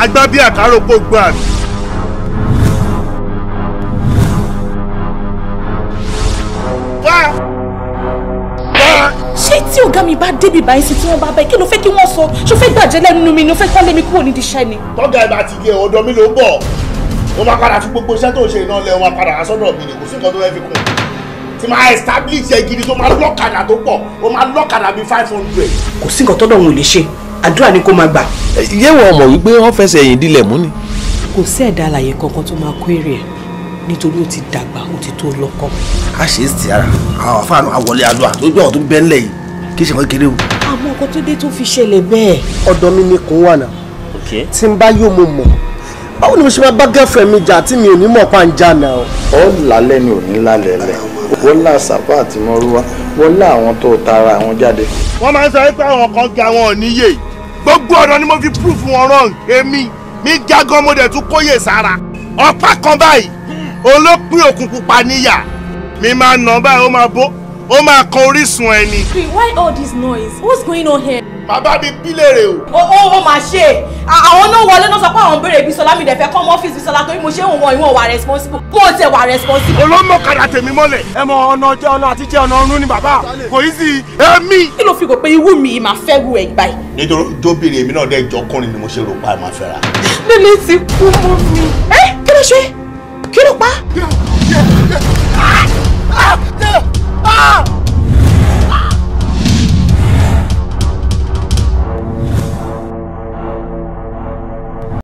agbá bí àkárò gbogbo àmì. wá. ṣé tí ọ̀gá mi bá débi báyìí sí tí wọ́n bá bẹ́ẹ̀ kí ló fẹ́ kí wọ́n sọ ṣó fẹ́ gbàjẹ́ lẹ́nu mi ni ó fẹ́ kán lé mi kúrò nídìí iṣẹ́ ni. tọ́gà ìbá ti lé ọ̀dọ̀ mi ló ń bọ̀ mo máa padà fi gbogbo iṣẹ́ tó ń ṣe iná lẹ́ wọn padà wá sọ́dọ̀ mi ni kò sí nǹkan tó fẹ́ fi kún tí máa establish ẹ gidi tó máa lọ́kadà tó pọ̀ ó máa lọ́kadà bíi five hundred. kò sí nǹkan tọ́dọ̀ yé wọn mọ̀ wípé wọ́n fẹsẹ̀ ẹ̀yìn dilẹ̀ mú ni. kò sí ẹ̀dá àlàyé kankan tó máa kó èrè ẹ̀ nítorí ó ti dàgbà ó ti tó lọ́kọ. a ṣe é sí ara àwọn afáànù àwọlé alúwa tó ọ̀tún bẹ́ẹ̀ ńlẹ̀ yìí kì í ṣe kékeré o. àmọ́ ọkọ tó dé tó fi ṣẹlẹ̀ bẹ́ẹ̀. ọ̀dọ̀ mi ni kò wà náà tí n bá yóò mo mọ̀ báwo ni mo ṣe máa bá gẹ́fẹ̀ẹ́ mi jà tí mi ò ní mọ̀ pa ń jà náà. ó lálẹ́ ni ò ní lálẹ́ lẹ̀ wọ́n lá sàpá àti mọ́rúwá wọ́n lá àwọn tó tara àwọn jáde. wọ́n máa ń sọ pé àwọn kan ga wọn ò níyè gbogbo ọ̀rọ̀ ni mo fi proof wọn wrong èmi mi jágan mo dẹ̀ tún kóyè sára ọ̀pá kan báyìí olópin òkun pupa níyà mi máa nà báyìí ó máa bó ó máa kan orísun ẹni. why all this noise what's going on here. bàbá mi bílèrè o. ó ó ó máa ṣe àwọn náà wọlé náà sọ pé àwọn béèrè Bísọ́lá mi dẹ̀fẹ́ kọ́ mọ́ ọ́fíìsì Bísọ́lá torí mo ṣe òun wọn ìwọ̀n wà responsible kó o tẹ̀ wà responsible. olómọkadà tèmi mọ́lẹ̀. ẹ mọ ọ̀nà jẹ́ ọ̀nà àti jẹ́ ọ̀nà ọ̀run ni bàbá kò í sí èmi. kí ló fi kò pé irú mi máa fẹ́ ru ẹ̀ gbà yìí. nítorí jóbìnrin èmi náà dẹ́ jọkùnrin ni mo ṣe rò pa ẹ̀ máa fẹ́ ra. lẹ́lẹ́ kú mọ́ mi. ẹ kí ló ṣe kí ló pa.